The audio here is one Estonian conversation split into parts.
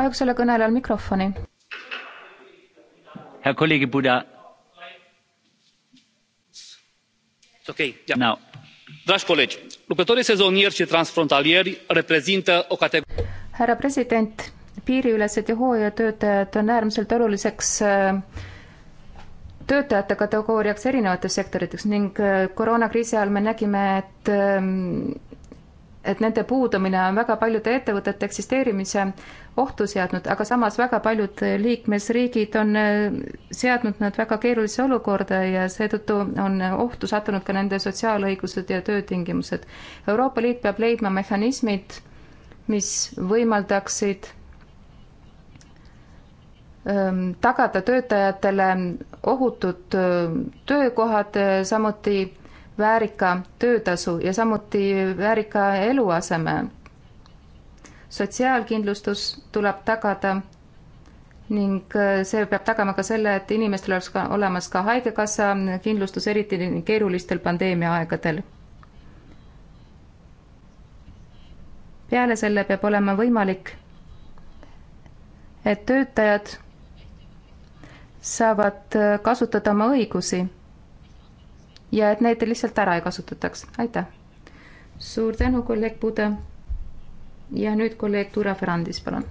kahjuks ei ole kõnelejal mikrofoni. hea kolleeg Buda. okei okay,, no. Dragi colegi, lucrătorii sezonieri și transfrontalieri reprezintă o categorie. härra president, piiriülesed ja hooajatöötajad on äärmiselt oluliseks äh, töötajate kategooriaks erinevates sektorites ning äh, koroonakriisi ajal me nägime, et ähm, et nende puudumine on väga paljude ettevõtete eksisteerimise ohtu seadnud, aga samas väga paljud liikmesriigid on äh, seadnud nad väga keerulisse olukorda ja seetõttu on ohtu sattunud ka nende sotsiaalõigused ja töötingimused. Euroopa Liit peab leidma mehhanismid, mis võimaldaksid ähm, tagada töötajatele ohutud äh, töökohad, äh, samuti väärika töötasu ja samuti väärika eluaseme. sotsiaalkindlustus tuleb tagada ning äh, see peab tagama ka selle, et inimestel oleks ka olemas ka haigekassa kindlustus, eriti keerulistel pandeemiaaegadel. peale selle peab olema võimalik, et töötajad saavad äh, kasutada oma õigusi ja et neid lihtsalt ära ei kasutataks. aitäh! suur tänu, kolleeg Puda. ja nüüd kolleeg Tura Ferrandis, palun.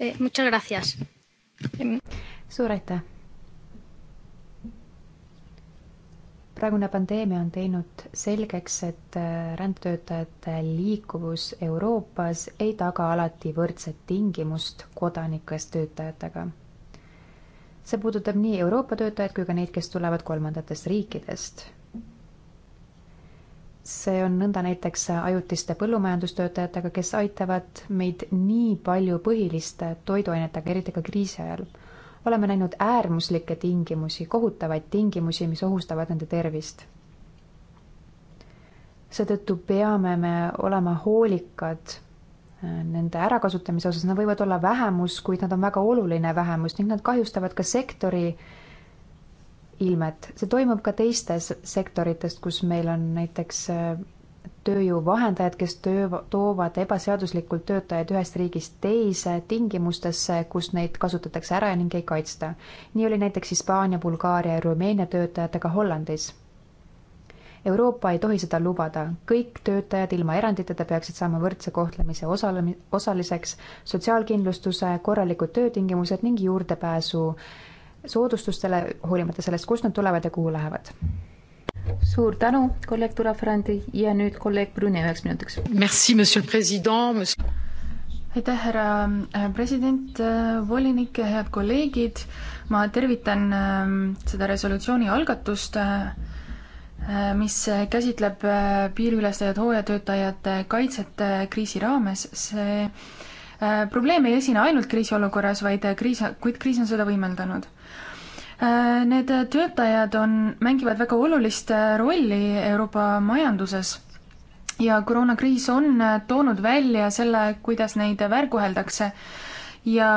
Eh, muchas gracias. suur aitäh! praegune pandeemia on teinud selgeks, et äh, rändetöötajate liikuvus Euroopas ei taga alati võrdset tingimust kodanikest töötajatega. see puudutab nii Euroopa töötajaid kui ka neid, kes tulevad kolmandatest riikidest. see on nõnda näiteks ajutiste põllumajandustöötajatega, kes aitavad meid nii palju põhiliste toiduainetega, eriti ka kriisi ajal oleme näinud äärmuslikke tingimusi, kohutavaid tingimusi, mis ohustavad nende tervist. seetõttu peame me olema hoolikad äh, nende ärakasutamise osas, nad võivad olla vähemus, kuid nad on väga oluline vähemus ning nad kahjustavad ka sektori ilmet. see toimub ka teistes sektorites, kus meil on näiteks äh, tööjõuvahendajad, kes töö, toovad ebaseaduslikult töötajaid ühest riigist teise tingimustesse, kus neid kasutatakse ära ning ei kaitsta. nii oli näiteks Hispaania, Bulgaaria ja Rumeenia töötajatega Hollandis. Euroopa ei tohi seda lubada, kõik töötajad ilma eranditeta peaksid saama võrdse kohtlemise osale-, osaliseks, sotsiaalkindlustuse, korralikud töötingimused ning juurdepääsu soodustustele, hoolimata sellest, kust nad tulevad ja kuhu lähevad suur tänu, kolleeg Tule Frandi ja nüüd kolleeg Brüni üheks minutiks. Merci, monsieur president monsieur.... aitäh, härra äh, president, äh, volinik ja head kolleegid. ma tervitan ähm, seda resolutsiooni algatust, äh, mis käsitleb piiriülestajaid, hooajatöötajate kaitset kriisi raames. see probleem ei esine ainult kriisiolukorras, vaid kriis, kuid kriis on seda võimeldanud Äh, need töötajad on, mängivad väga olulist äh, rolli Euroopa majanduses ja koroonakriis on äh, toonud välja selle, kuidas neid väärkoheldakse ja,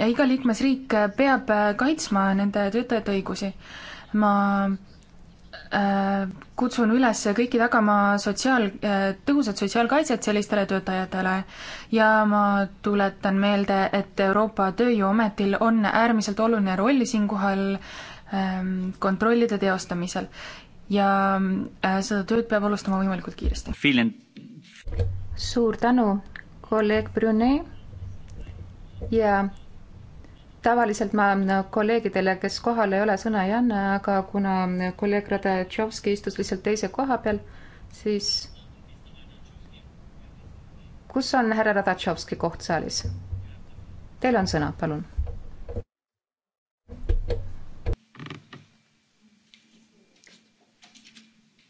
ja iga liikmesriik peab kaitsma nende töötajate õigusi. ma Äh, kutsun üles kõiki tagama sotsiaal, äh, tõhusat sotsiaalkaitset sellistele töötajatele ja ma tuletan meelde, et Euroopa Tööjõuametil on äärmiselt oluline roll siinkohal ähm, kontrollide teostamisel ja äh, seda tööd peab alustama võimalikult kiiresti. suur tänu, kolleeg Brune ja tavaliselt ma kolleegidele, kes kohal ei ole, sõna ei anna, aga kuna kolleeg Radetšovski istus lihtsalt teise koha peal, siis kus on härra Radetšovski koht saalis? Teil on sõna, palun.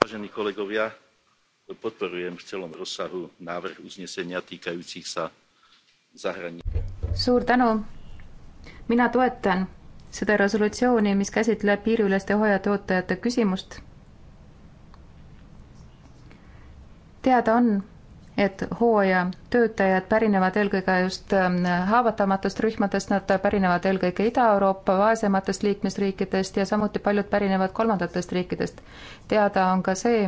Vážení kolegovia, podporujem v celom rozsahu návrh uznesenia týkajúcich sa zahraničí. Suur tänu mina toetan seda resolutsiooni, mis käsitleb piiriüleste hoiatoodajate küsimust. teada on, et hooajatöötajad pärinevad eelkõige just ähm, haavatamatest rühmadest, nad pärinevad eelkõige Ida-Euroopa vaesematest liikmesriikidest ja samuti paljud pärinevad kolmandatest riikidest. teada on ka see,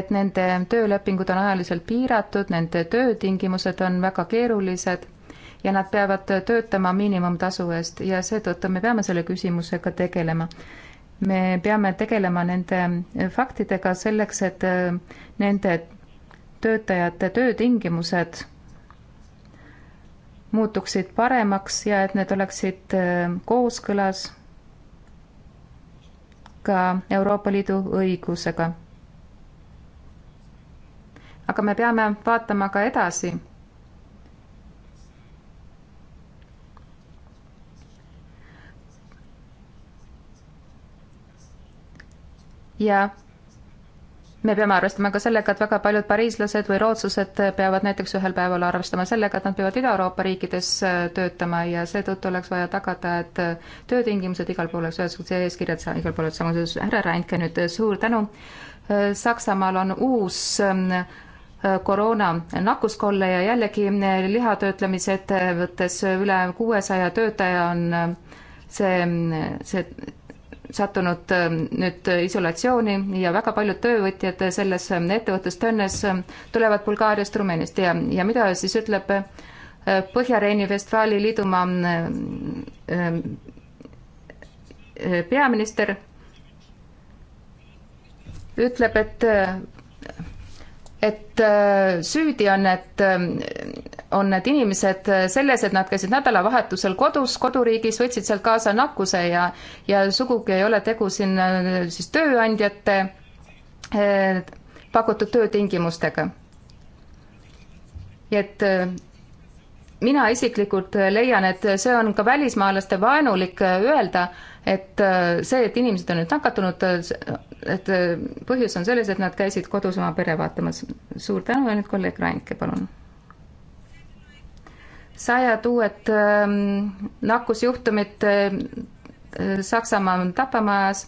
et nende töölepingud on ajaliselt piiratud, nende töötingimused on väga keerulised ja nad peavad töötama miinimumtasu eest ja seetõttu me peame selle küsimusega tegelema. me peame tegelema nende faktidega selleks, et äh, nende töötajate töötingimused muutuksid paremaks ja et need oleksid äh, kooskõlas ka Euroopa Liidu õigusega. aga me peame vaatama ka edasi ja me peame arvestama ka sellega, et väga paljud pariislased või rootslased peavad näiteks ühel päeval arvestama sellega, et nad peavad Ida-Euroopa riikides äh, töötama ja seetõttu oleks vaja tagada, et äh, töötingimused igal pool oleks ühesugused ja eeskirjad igal pool oleks samasugused. härra Randke nüüd äh, suur tänu. Saksamaal on uus ähm, koroona nakkuskolle ja jällegi lihatöötlemise ettevõttes üle kuuesaja töötaja on see, see sattunud ähm, nüüd isolatsiooni ja väga paljud töövõtjad selles ähm, ettevõttes Tönnes ähm, tulevad Bulgaariast, Rumeeniast ja, ja mida siis ütleb äh, Põhja-Reini Vestfaali liidumaa äh, peaminister, ütleb, et, äh, et süüdi on, et on need inimesed selles, et nad käisid nädalavahetusel kodus, koduriigis, võtsid sealt kaasa nakkuse ja ja sugugi ei ole tegu siin äh, siis tööandjate äh, pakutud töötingimustega. et äh, mina isiklikult leian, et see on ka välismaalaste vaenulik öelda, et see, et inimesed on nüüd nakatunud, et põhjus on selles, et nad käisid kodus oma pere vaatamas. suur tänu ja nüüd kolleeg Randke, palun sajad uued ähm, nakkusjuhtumid äh, äh, Saksamaa tapamajas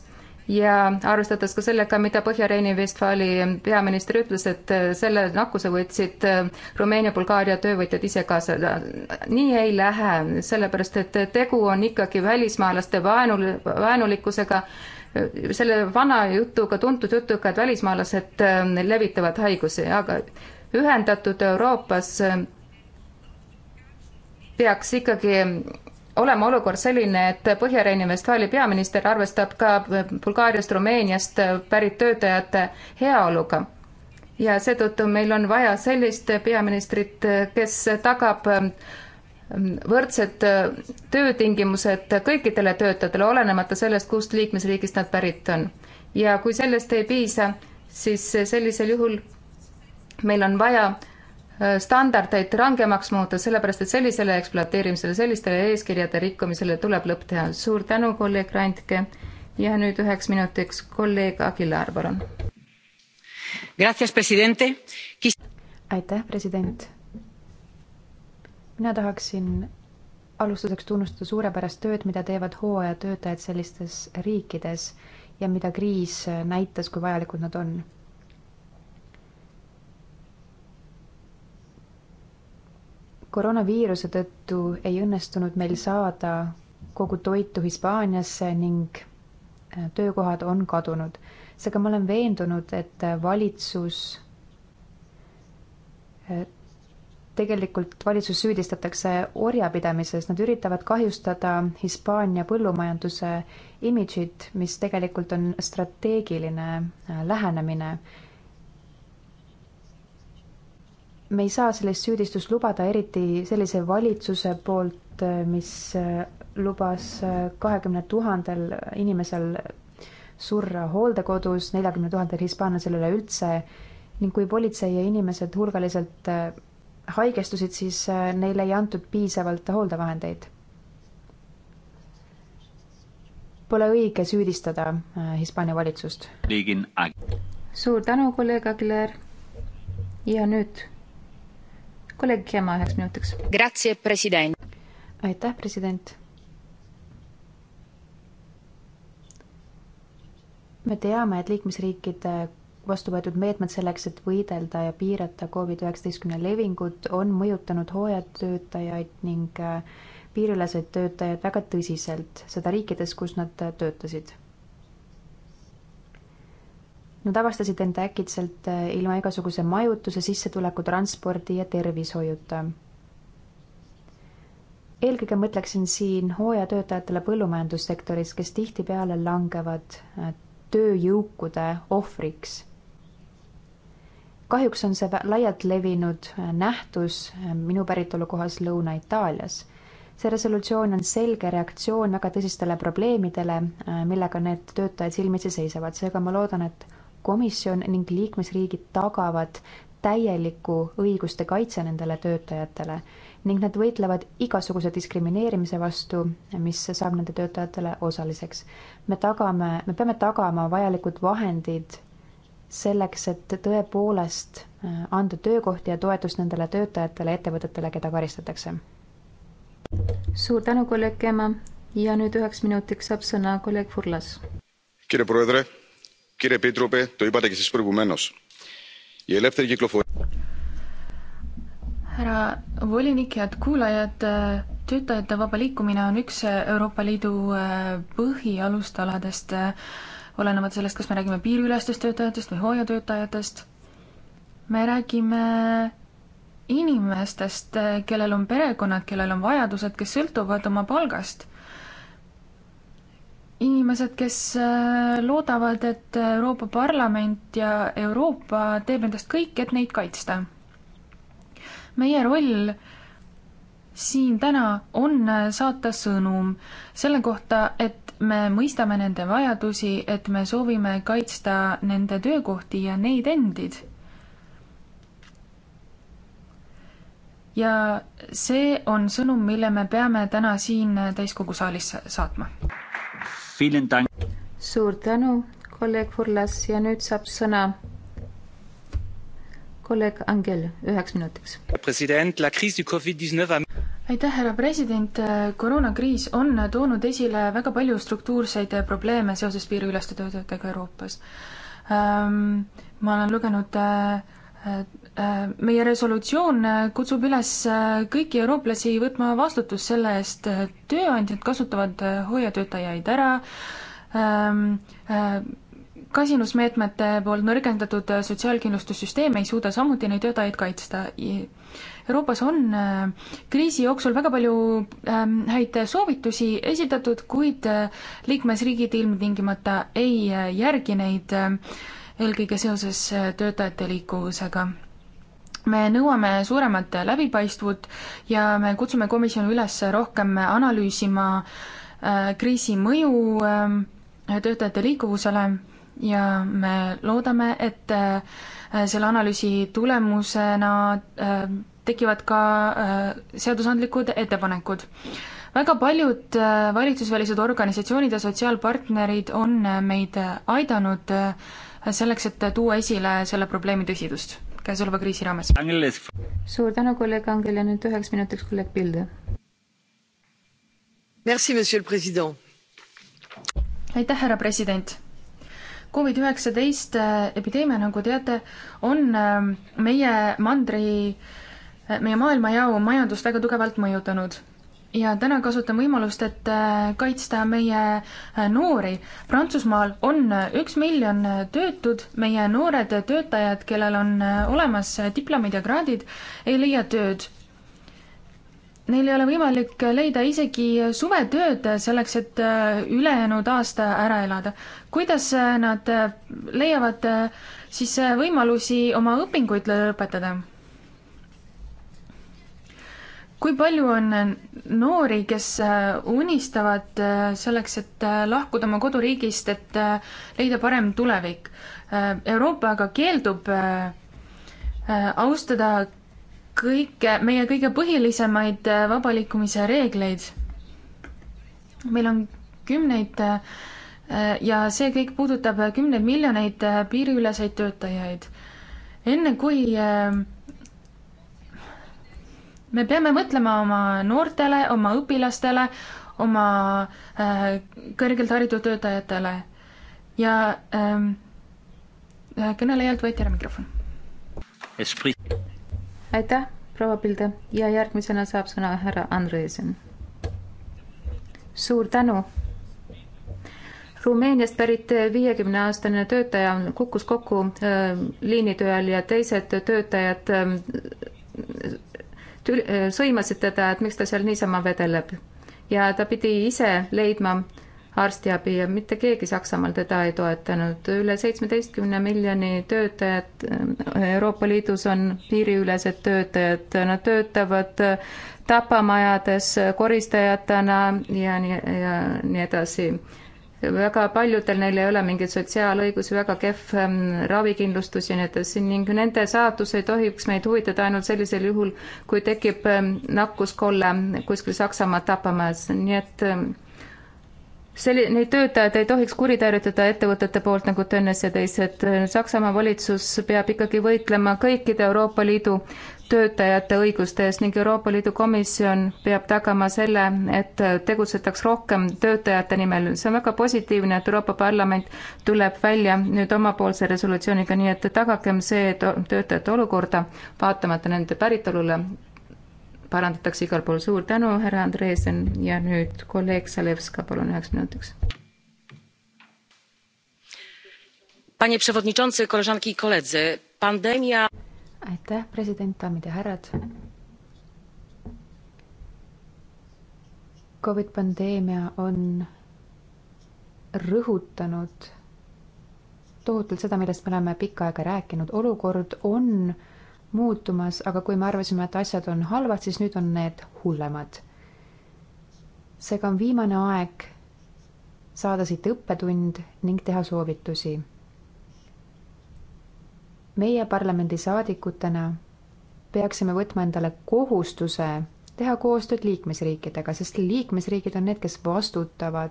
ja arvestades ka sellega, mida Põhja-Reini-Vestfaali peaminister ütles, et äh, selle nakkuse võtsid Rumeenia, Bulgaaria töövõtjad ise kaasa. nii ei lähe, sellepärast et tegu on ikkagi välismaalaste vaenul-, vaenulikkusega, selle vana jutuga, tuntud jutuga, et välismaalased levitavad haigusi, aga ühendatud Euroopas peaks ikkagi olema olukord selline, et Põhja-Rheini-Vestfaali peaminister arvestab ka Bulgaariast, Rumeeniast pärit töötajate heaoluga. ja seetõttu meil on vaja sellist peaministrit, kes tagab võrdsed töötingimused kõikidele töötajatele, olenemata sellest, kust liikmesriigist nad pärit on. ja kui sellest ei piisa, siis sellisel juhul meil on vaja Äh, standardeid rangemaks muuta, sellepärast et sellisele ekspluateerimisele, sellistele eeskirjade rikkumisele tuleb lõpp teha. suur tänu, kolleeg Randke ja nüüd üheks minutiks kolleeg Aguilar, palun. aitäh, president. mina tahaksin alustuseks tunnustada suurepärast tööd, mida teevad hooajatöötajad sellistes riikides ja mida kriis näitas, kui vajalikud nad on koroonaviiruse tõttu ei õnnestunud meil saada kogu toitu Hispaaniasse ning äh, töökohad on kadunud. seega ma olen veendunud, et äh, valitsus, äh, tegelikult valitsus süüdistatakse orjapidamises, nad üritavad kahjustada Hispaania põllumajanduse imidžit, mis tegelikult on strateegiline lähenemine me ei saa sellist süüdistust lubada, eriti sellise valitsuse poolt, mis lubas kahekümne tuhandel inimesel surra hooldekodus, neljakümne tuhandel hispaanlasel üleüldse ning kui politsei ja inimesed hulgaliselt äh, haigestusid, siis äh, neile ei antud piisavalt hooldevahendeid. Pole õige süüdistada äh, Hispaania valitsust. suur tänu, kolleeg Aguilar. ja nüüd kolleeg Gemma üheks minutiks. aitäh, president. me teame, et liikmesriikide vastu võetud meetmed selleks, et võidelda ja piirata Covid-19 levingut, on mõjutanud hooajatöötajaid ning äh, piiriüleseid töötajaid väga tõsiselt, seda riikides, kus nad äh, töötasid. Nad avastasid end äkitselt äh, ilma igasuguse majutuse, sissetuleku, transpordi ja tervishoiuta. eelkõige mõtleksin siin hooajatöötajatele põllumajandussektoris, kes tihtipeale langevad äh, tööjõukude ohvriks. kahjuks on see laialt levinud äh, nähtus minu päritolu kohas Lõuna-Itaalias see resolutsioon on selge reaktsioon väga tõsistele probleemidele, millega need töötajad silmitsi seisavad, seega ma loodan, et komisjon ning liikmesriigid tagavad täieliku õiguste kaitse nendele töötajatele ning nad võitlevad igasuguse diskrimineerimise vastu, mis saab nende töötajatele osaliseks. me tagame, me peame tagama vajalikud vahendid selleks, et tõepoolest äh, anda töökohti ja toetust nendele töötajatele ja ettevõtetele, keda karistatakse. suur tänu, kolleeg Keema ja nüüd üheks minutiks saab sõna kolleeg Furlas. kirja proua Tere Κύριε Επίτροπε, το είπατε και εσείς προηγουμένως. Η ελεύθερη κυκλοφορία... härra volinik, head kuulajad, töötajate vaba liikumine on üks Euroopa Liidu äh, põhialustaladest, äh, olenemata sellest, kas me räägime piiriülestest töötajatest või hooajatöötajatest. me räägime inimestest, äh, kellel on perekonnad, kellel on vajadused, kes sõltuvad oma palgast inimesed, kes äh, loodavad, et Euroopa Parlament ja Euroopa teeb endast kõik, et neid kaitsta. meie roll siin täna on äh, saata sõnum selle kohta, et me mõistame nende vajadusi, et me soovime kaitsta nende töökohti ja neid endid ja see on sõnum, mille me peame täna siin äh, täiskogu saalis saatma suur tänu, kolleeg Furlas ja nüüd saab sõna kolleeg Angel üheks minutiks. president, la crise du Covid dix-neuf aitäh, härra president, koroonakriis on toonud esile väga palju struktuurseid probleeme seoses piiriüleste töötajatega Euroopas. Ma olen lugenud Äh, meie resolutsioon äh, kutsub üles äh, kõiki eurooplasi võtma vastutust selle eest, tööandjad kasutavad hooajatöötajaid ära, ähm, kasinusmeetmete poolt nõrgendatud sotsiaalkindlustussüsteem ei suuda samuti neid töötajaid kaitsta. Euroopas on kriisi jooksul väga palju ähm, häid soovitusi esitatud, kuid liikmesriigid ilmtingimata ei järgi neid, eelkõige seoses töötajate liikuvusega me nõuame suuremat läbipaistvut ja me kutsume komisjoni üles rohkem analüüsima äh, kriisi mõju äh, töötajate liikuvusele ja me loodame, et äh, selle analüüsi tulemusena tekivad ka seadusandlikud ettepanekud. väga paljud valitsusvälised organisatsioonid ja sotsiaalpartnerid on meid aidanud selleks, et tuua esile selle probleemi tõsidust käesoleva kriisi raames. suur tänu, kolleeg Angel ja nüüd üheks minutiks kolleeg Pilde. aitäh, härra president. Covid-19 äh, epideemia, nagu teate, on ähm, meie mandri, äh, meie maailmajao majandust väga tugevalt mõjutanud ja täna kasutan võimalust, et äh, kaitsta meie äh, noori. Prantsusmaal on äh, üks miljon töötud, meie noored töötajad, kellel on olemas diplomid ja kraadid, ei leia tööd. Neil ei ole võimalik leida isegi suvetööd selleks, et ülejäänud aasta ära elada. kuidas nad leiavad siis võimalusi oma õpinguid lõpetada? kui palju on noori, kes äh, unistavad äh, selleks, et äh, lahkuda oma koduriigist, et leida parem tulevik? Euroopa aga keeldub austada kõike, meie kõige põhilisemaid vaba liikumise reegleid. meil on kümneid ja see kõik puudutab kümneid miljoneid piiriüleseid töötajaid. enne kui äh, me peame mõtlema oma noortele, oma õpilastele, oma äh, kõrgelt haritud töötajatele ja ähm, äh, kõnelejalt võeti ära mikrofon. aitäh, proua Pilde ja järgmisena saab sõna härra Andresen. suur tänu. Rumeeniast pärit viiekümneaastane töötaja kukkus kokku äh, liinitööl ja teised töötajad äh, Äh, sõimasid teda, et miks ta seal niisama vedeleb. ja ta pidi ise leidma arstiabi ja mitte keegi Saksamaal teda ei toetanud. üle seitsmeteistkümne miljoni töötajat äh, Euroopa Liidus on piiriülesed töötajad, nad töötavad äh, tapamajades koristajatena ja nii, ja nii edasi väga paljudel neil ei ole mingeid sotsiaalõigusi, väga kehv ähm, ravikindlustus ja nii edasi ning nende saatus ei tohiks meid huvitada ainult sellisel juhul, kui tekib ähm, nakkuskolle kuskil Saksamaa tapamajas, nii et ähm, selli-, neid töötajaid ei tohiks kuritarvitada ettevõtete poolt nagu Tönnes ja teised. Saksamaa valitsus peab ikkagi võitlema kõikide Euroopa Liidu töötajate õiguste eest ning Euroopa Liidu Komisjon peab tagama selle, et tegutsetaks rohkem töötajate nimel. see on väga positiivne, et Euroopa Parlament tuleb välja nüüd omapoolse resolutsiooniga, nii et tagagem see töötajate olukorda, vaatamata nende päritolule, parandatakse igal pool. suur tänu, härra Andreesen ja nüüd kolleeg Zalewska, palun üheks minutiks. Panie przewodniczący, koleżanki i koledzy, pandemia aitäh, president, daamid ja härrad. Covid pandeemia on rõhutanud tohutult seda, millest me oleme pikka aega rääkinud, olukord on muutumas, aga kui me arvasime, et asjad on halvad, siis nüüd on need hullemad. seega on viimane aeg saada siit õppetund ning teha soovitusi meie parlamendisaadikutena peaksime võtma endale kohustuse teha koostööd liikmesriikidega, sest liikmesriigid on need, kes vastutavad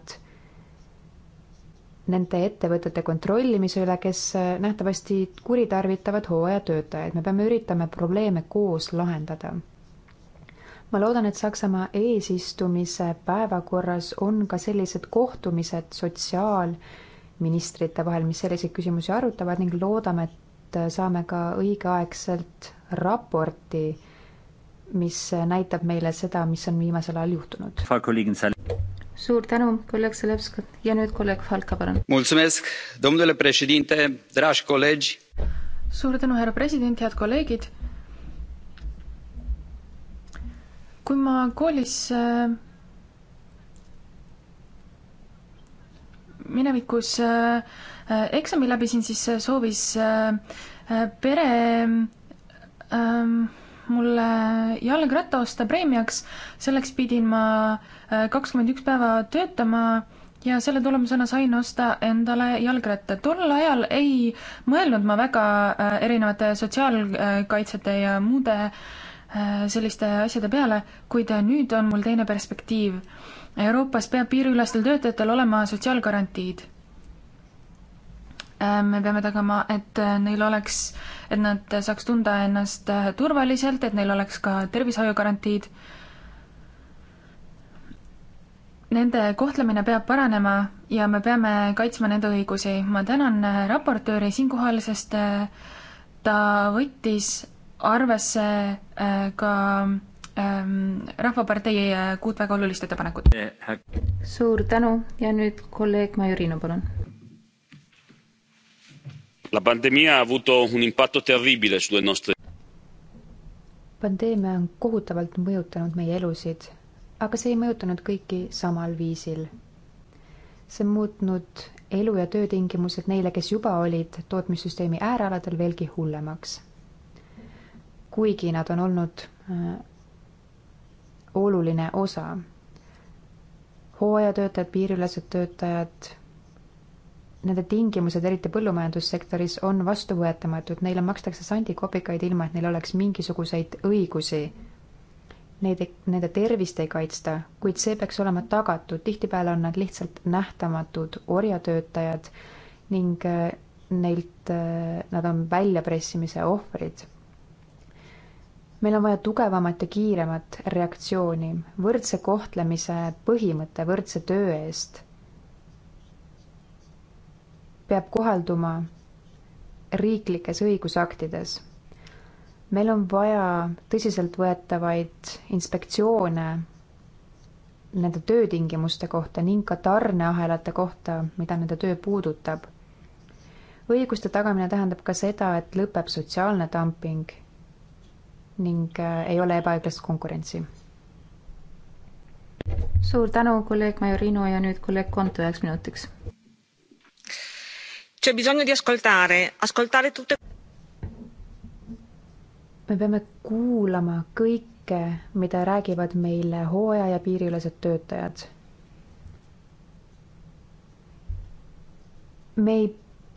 nende ettevõtete kontrollimise üle, kes äh, nähtavasti kuritarvitavad hooajatöötajaid. me peame üritama probleeme koos lahendada. ma loodan, et Saksamaa eesistumise päevakorras on ka sellised kohtumised sotsiaalministrite vahel, mis selliseid küsimusi arutavad ning loodame, et et saame ka õigeaegselt raporti, mis näitab meile seda, mis on viimasel ajal juhtunud. suur tänu, kolleeg Selevsk ja nüüd kolleeg Falka, palun. suur tänu, härra president, head kolleegid. kui ma koolis äh, minevikus äh, äh, eksami läbisin, siis äh, soovis pere ähm, mulle jalgratta osta preemiaks, selleks pidin ma kakskümmend üks päeva töötama ja selle tulemusena sain osta endale jalgratta. tol ajal ei mõelnud ma väga erinevate sotsiaalkaitsete ja muude selliste asjade peale, kuid nüüd on mul teine perspektiiv Euroopas peab piiriülestel töötajatel olema sotsiaalgarantiid. Äh, me peame tagama, et äh, neil oleks, et nad saaks tunda ennast äh, turvaliselt, et neil oleks ka tervishoiugarantiid. Nende kohtlemine peab paranema ja me peame kaitsma nende õigusi. ma tänan raportööri siinkohal, sest ta võttis arvesse ka äh, Ähm, Rahvapartei äh, kuut väga olulist ettepanekut. suur tänu ja nüüd kolleeg Majorino, palun. La pandemia ha avuto un impatto terribile sulle nostre. pandeemia on kohutavalt mõjutanud meie elusid, aga see ei mõjutanud kõiki samal viisil. see on muutnud elu ja töötingimused neile, kes juba olid tootmissüsteemi äärealadel veelgi hullemaks. kuigi nad on olnud äh, oluline osa. hooajatöötajad, piiriülesed töötajad, nende tingimused, eriti põllumajandussektoris, on vastuvõetamatud, neile makstakse sandikopikaid, ilma et neil oleks mingisuguseid õigusi. Neid, nende tervist ei kaitsta, kuid see peaks olema tagatud, tihtipeale on nad lihtsalt nähtamatud orjatöötajad ning eh, neilt, eh, nad on väljapressimise ohvrid meil on vaja tugevamat ja kiiremat reaktsiooni, võrdse kohtlemise põhimõte võrdse töö eest peab kohalduma riiklikes õigusaktides. meil on vaja tõsiseltvõetavaid inspektsioone nende töötingimuste kohta ning ka tarneahelate kohta, mida nende töö puudutab. õiguste tagamine tähendab ka seda, et lõpeb sotsiaalne dumping ning äh, ei ole ebaõiglast konkurentsi. suur tänu, kolleeg Majorino ja nüüd kolleeg Konto üheks minutiks. me peame kuulama kõike, mida räägivad meile hooaja ja piiriülesed töötajad. me ei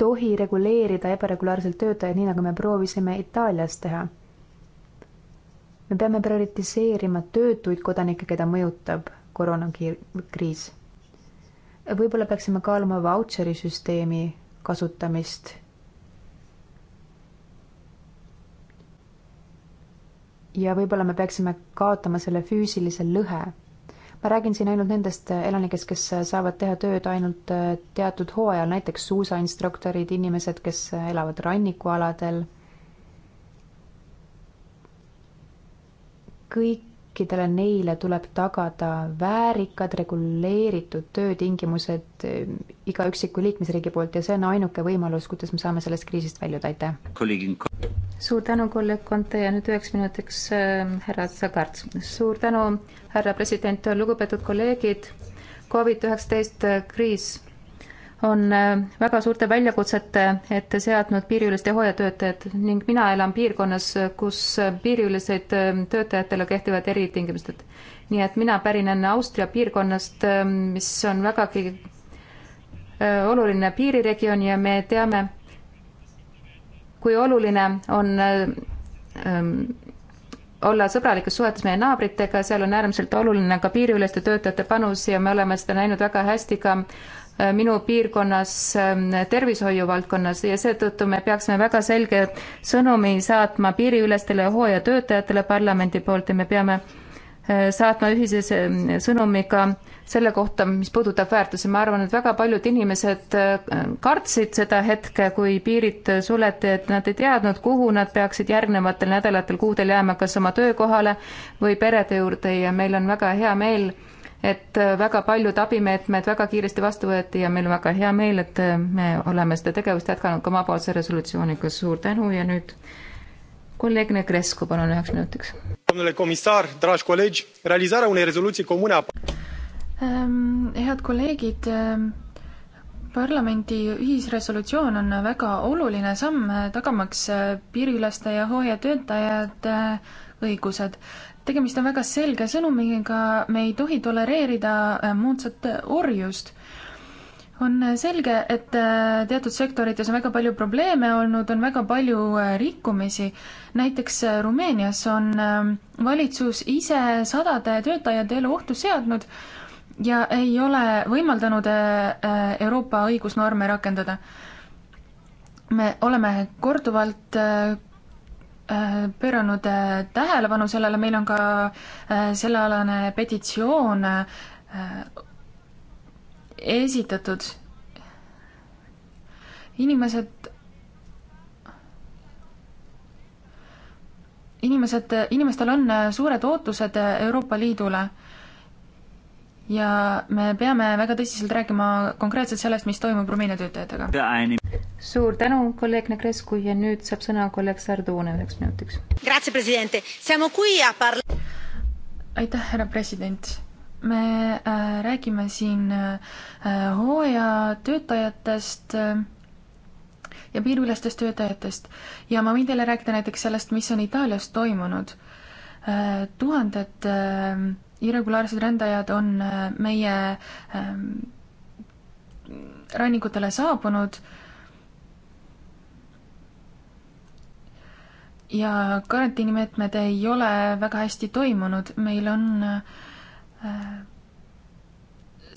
tohi reguleerida ebaregulaarselt töötajaid, nii nagu me proovisime Itaalias teha me peame prioritiseerima töötuid kodanikke, keda mõjutab koroonakriis. võib-olla peaksime kaaluma vautšeri süsteemi kasutamist. ja võib-olla me peaksime kaotama selle füüsilise lõhe ma räägin siin ainult nendest elanikest, kes saavad teha tööd ainult teatud hooajal, näiteks suusainstruktorid, inimesed, kes elavad rannikualadel. kõikidele neile tuleb tagada väärikad, reguleeritud töötingimused eh, iga üksiku liikmesriigi poolt ja see on ainuke võimalus, kuidas me saame sellest kriisist väljuda, aitäh! suur tänu, kolleeg Konte ja nüüd üheks minutiks äh, härra Zagarts. suur tänu, härra president, lugupeetud kolleegid, Covid-19 kriis on äh, väga suurte väljakutsete ette seadnud piiriüliste hooajatöötajad ning mina elan piirkonnas, kus piiriüliseid ähm, töötajatele kehtivad eritingimused. nii et mina pärinen Austria piirkonnast, ähm, mis on vägagi äh, oluline piiriregioon ja me teame, kui oluline on äh, ähm, olla sõbralikes suhetes meie naabritega, seal on äärmiselt oluline ka piiriüleste töötajate panus ja me oleme seda näinud väga hästi ka Äh, minu piirkonnas ähm, tervishoiu valdkonnas ja seetõttu me peaksime väga selge sõnumi saatma piiriülestele hooajatöötajatele parlamendi poolt ja me peame äh, saatma ühise sõnumi ka selle kohta, mis puudutab väärtusi. ma arvan, et väga paljud inimesed äh, kartsid seda hetke, kui piirid suleti, et nad ei teadnud, kuhu nad peaksid järgnevatel nädalatel, kuudel jääma, kas oma töökohale või perede juurde ja meil on väga hea meel et äh, väga paljud abimeetmed väga kiiresti vastu võeti ja meil on väga hea meel, et äh, me oleme seda tegevust jätkanud ka omapoolse resolutsiooniga, suur tänu ja nüüd kolleeg Negrescu, palun üheks minutiks. Ähm, head kolleegid, ähm, parlamendi ühisresolutsioon on väga oluline samm, äh, tagamaks piiriüleste ja hooajatöötajate õigused tegemist on väga selge sõnumiga, me ei tohi tolereerida äh, moodsat äh, orjust. on äh, selge, et teatud sektorites on väga palju probleeme olnud, on väga palju rikkumisi. näiteks Rumeenias on ähm, valitsus ise sadade töötajate elu ohtu seadnud ja ei ole võimaldanud Euroopa õigusnorme rakendada. me oleme korduvalt Äh, pööranud äh, tähelepanu sellele, meil on ka äh, sellealane petitsioon esitatud. inimesed, inimesed, inimestel on suured ootused Euroopa Liidule ja me peame väga tõsiselt rääkima konkreetselt sellest, mis toimub Rumeenia töötajatega. suur tänu, kolleeg Negrescu ja nüüd saab sõna kolleeg Sarduune üheks minutiks. aitäh, härra president. me äh, räägime siin äh, hooajatöötajatest äh, ja piiriülestest töötajatest ja ma võin teile rääkida näiteks sellest, mis on Itaalias toimunud äh,. tuhanded äh, irregulaarsed rändajad on äh, meie ähm, rannikutele saabunud ja karantiinimeetmed ei ole väga hästi toimunud, meil on äh,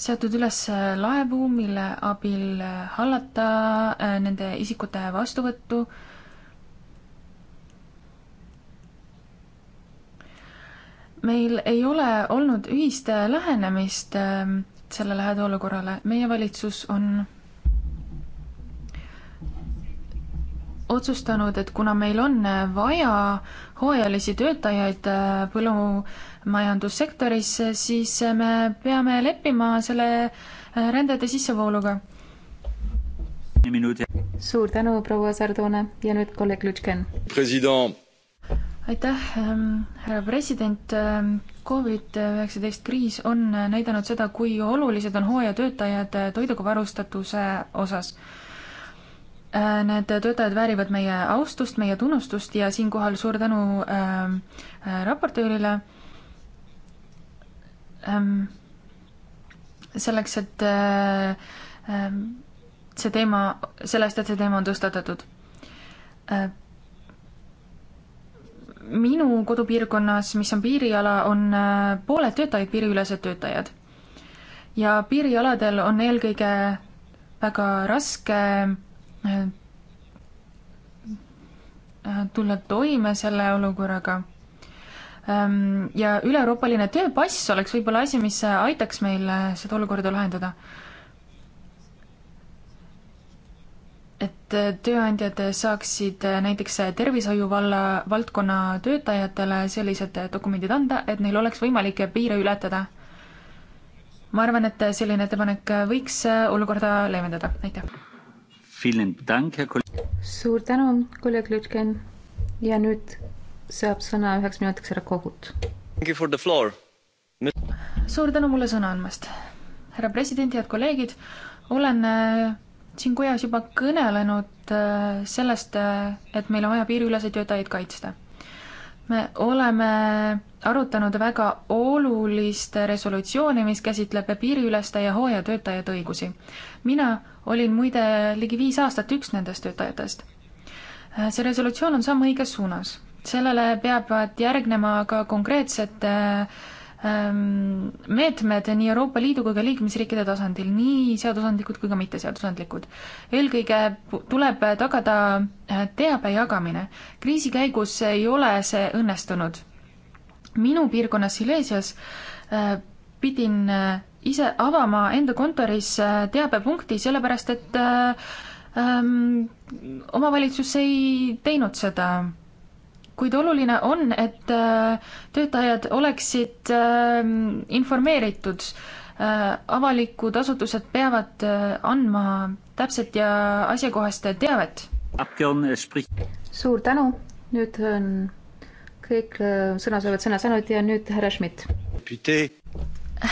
seatud üles laevu, mille abil äh, hallata nende isikute vastuvõttu äh, meil ei ole olnud ühist lähenemist ähm, sellele hädaolukorrale, meie valitsus on otsustanud, et kuna meil on vaja hooajalisi töötajaid äh, põllumajandussektoris, siis me peame leppima selle äh, rändajate sissevooluga. suur tänu, proua Sardoone ja nüüd kolleeg Lütken. president aitäh, ähm, härra president. Ähm, Covid-19 kriis on näidanud seda, kui olulised on hooajatöötajad toiduga varustatuse osas. Äh, need töötajad väärivad meie austust, meie tunnustust ja siinkohal suur tänu ähm, äh, raportöörile ähm,. selleks, et äh, see teema, selle eest, et see teema on tõstatatud äh, minu kodupiirkonnas, mis on piiriala, on äh, pooled töötajad piiriülesed töötajad. ja piirialadel on eelkõige väga raske äh, äh, tulla toime selle olukorraga. Ähm, ja üle-euroopaline tööpass oleks võib-olla asi, mis aitaks meil seda olukorda lahendada et äh, tööandjad saaksid äh, näiteks äh, tervishoiu valla, valdkonna töötajatele sellised dokumendid anda, et neil oleks võimalik piire ületada. ma arvan, et selline ettepanek võiks olukorda leevendada, aitäh. suur tänu, kolleeg Lütgen ja nüüd saab sõna üheks minutiks härra Kogut. suur tänu mulle sõna andmast. härra president, head kolleegid, olen siin kojas juba kõnelenud äh, sellest, äh, et meil on vaja piiriüleseid töötajaid kaitsta. me oleme arutanud väga olulist resolutsiooni, mis käsitleb piiriüleste ja hooajatöötajate õigusi. mina olin muide ligi viis aastat üks nendest töötajatest. Äh, see resolutsioon on samm õiges suunas. sellele peavad järgnema ka konkreetsed äh, Ehm, meetmed nii Euroopa Liidu kui ka liikmesriikide tasandil, nii seadusandlikud kui ka mitteseadusandlikud. eelkõige tuleb tagada eh, teabe jagamine. kriisi käigus ei ole see õnnestunud. minu piirkonnas Silesias eh, pidin eh, ise avama enda kontoris teabepunkti, sellepärast et ähm, omavalitsus ei teinud seda kuid oluline on, et äh, töötajad oleksid ähm, informeeritud. Äh, avalikud asutused peavad äh, andma täpset ja asjakohast teavet. suur tänu, nüüd on kõik sõnasoovid sõna saanud ja nüüd härra Schmidt.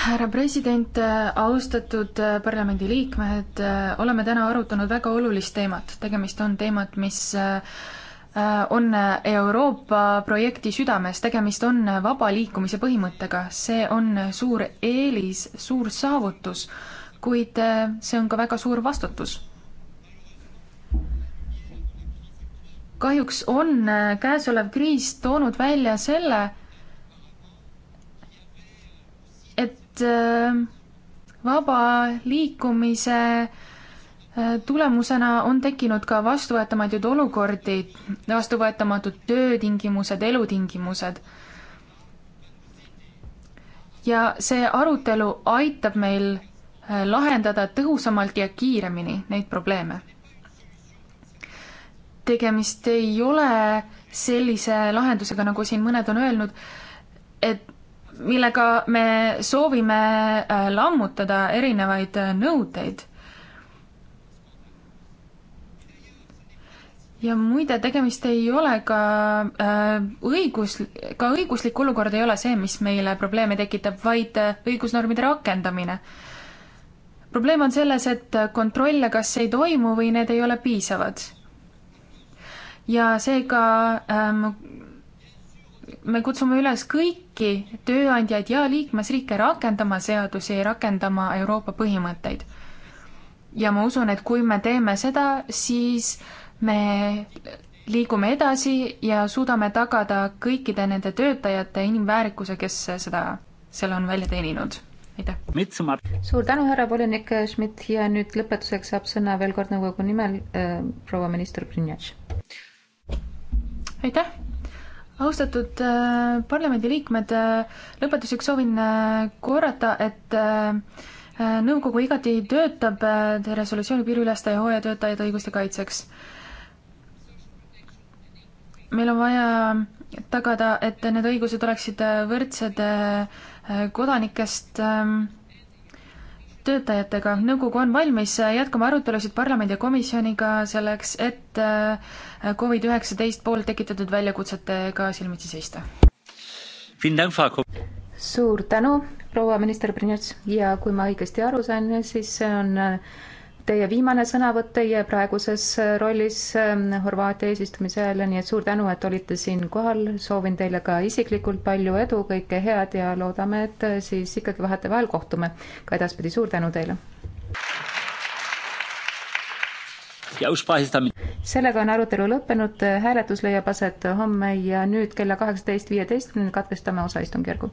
härra president, austatud parlamendiliikmed, oleme täna arutanud väga olulist teemat, tegemist on teemat, mis Äh, on Euroopa projekti südames, tegemist on vaba liikumise põhimõttega, see on suur eelis, suur saavutus, kuid äh, see on ka väga suur vastutus. kahjuks on äh, käesolev kriis toonud välja selle, et vaba liikumise äh, tulemusena on tekkinud ka vastuvõetamatuid olukordi, vastuvõetamatud töötingimused, elutingimused. ja see arutelu aitab meil äh, lahendada tõhusamalt ja kiiremini neid probleeme. tegemist ei ole sellise lahendusega, nagu siin mõned on öelnud, et millega me soovime äh, lammutada erinevaid äh, nõudeid ja muide, tegemist ei ole ka äh, õigus, ka õiguslik olukord ei ole see, mis meile probleeme tekitab, vaid äh, õigusnormide rakendamine. probleem on selles, et kontrolle kas ei toimu või need ei ole piisavad. ja seega ähm, me kutsume üles kõiki tööandjaid ja liikmesriike rakendama seadusi, rakendama Euroopa põhimõtteid. ja ma usun, et kui me teeme seda, siis äh, me liigume edasi ja suudame tagada kõikide nende töötajate inimväärikuse, kes seda, selle on välja teeninud. aitäh! suur tänu, härra volinik Schmidt ja nüüd lõpetuseks saab sõna veel kord nõukogu nimel äh, proua minister Brünjatš. aitäh! austatud äh, parlamendiliikmed äh,, lõpetuseks soovin äh, korrata, et äh, äh nõukogu igati töötab äh, resolutsiooni piiriüleste hooajatöötajate õiguste kaitseks äh, meil on vaja tagada, et need õigused oleksid võrdsed äh, kodanikest ähm, töötajatega. nõukogu on valmis jätkama arutelusid parlamendi ja komisjoniga selleks, et äh, Covid-19 poolt tekitatud väljakutsetega silmitsi seista. suur tänu, proua minister Brynjats ja kui ma õigesti aru sain, siis see on äh, teie viimane sõnavõtt teie praeguses rollis ähm, Horvaatia eesistumise ajal, nii et suur tänu, et olite siin kohal, soovin teile ka isiklikult palju edu, kõike head ja loodame, et äh, siis ikkagi vahetevahel kohtume ka edaspidi, suur tänu teile! sellega on arutelu lõppenud, hääletus leiab aset homme ja nüüd kella kaheksateist viieteistkümneni katkestame osaistungjärgu.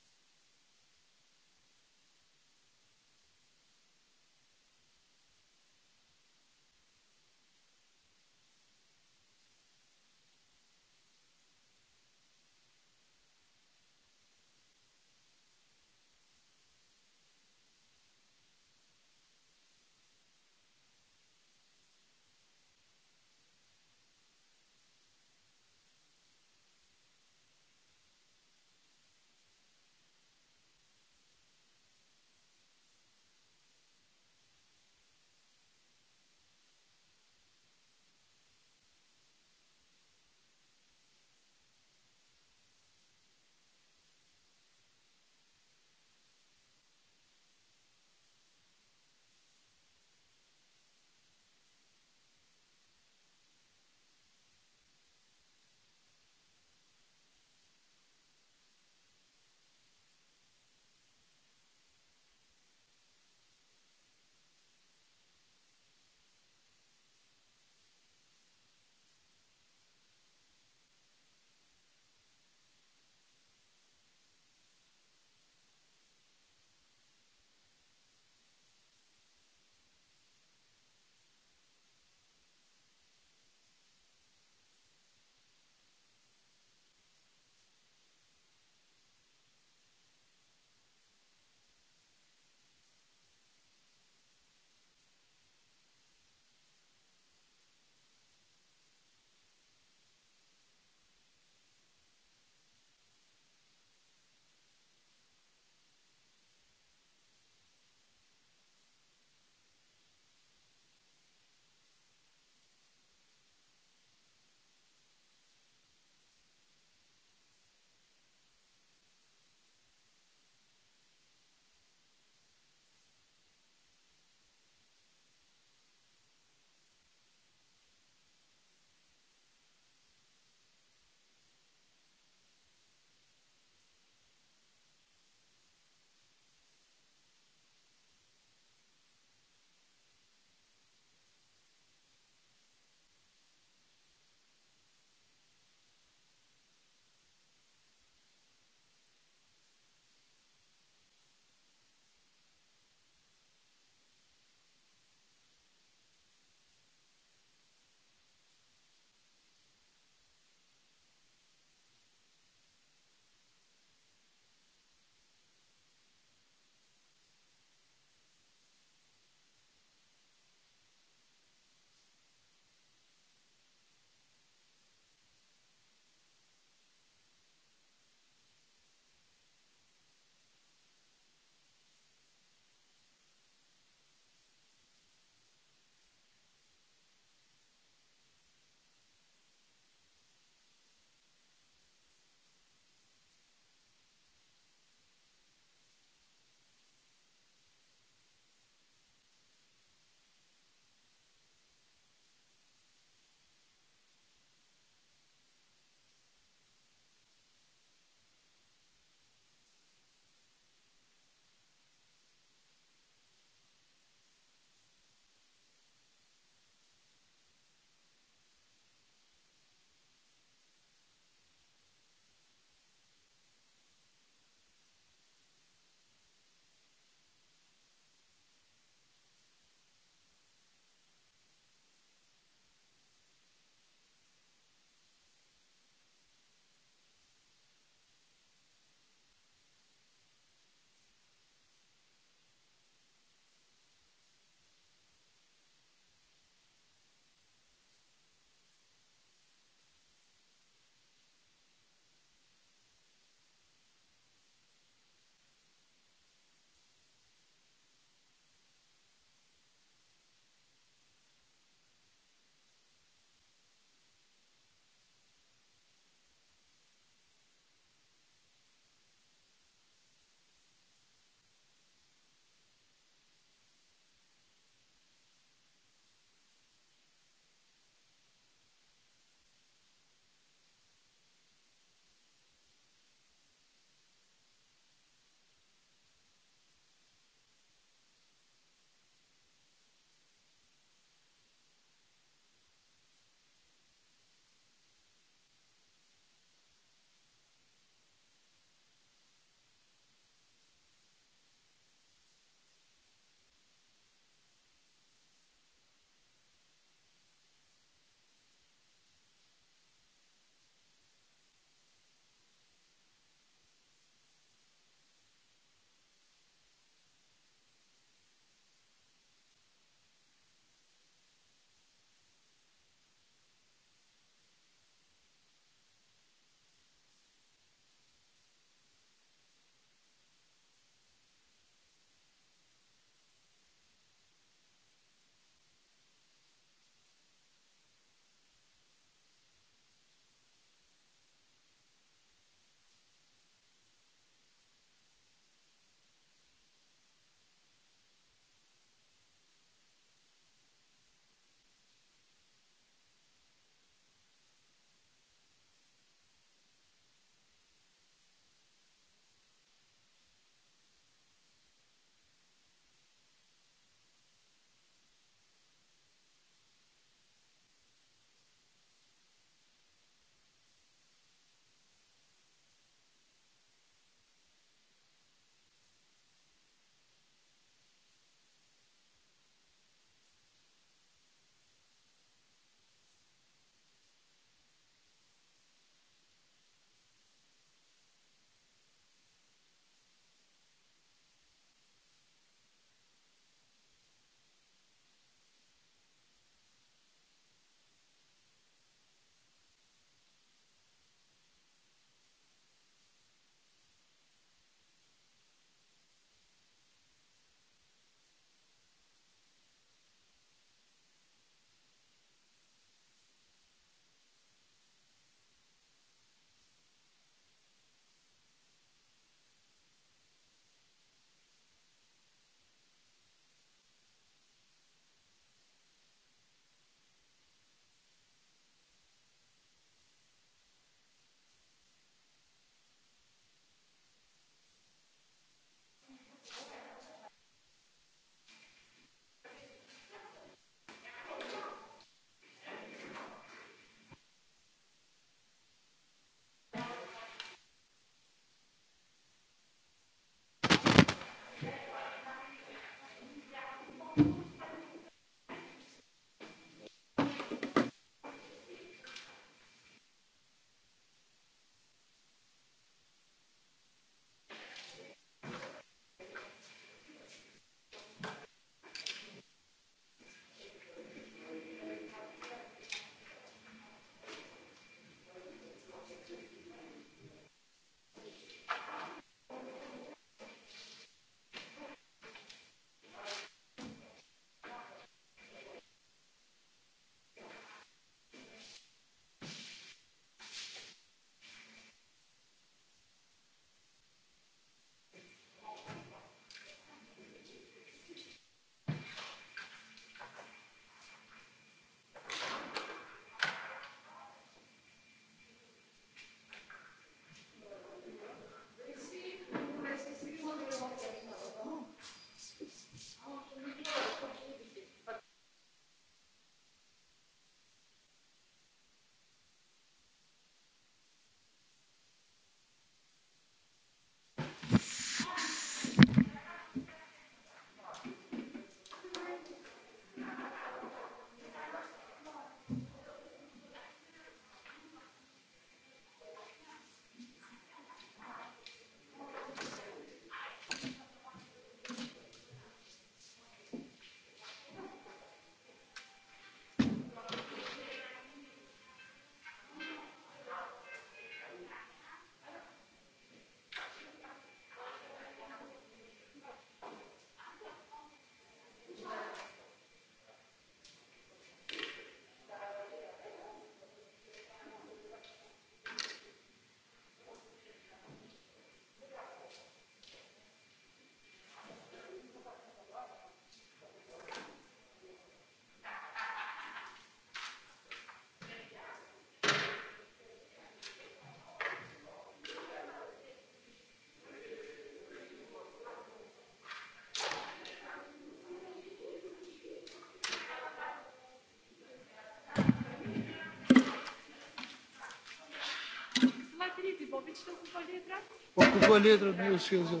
Ocupa a letra, meu senhor.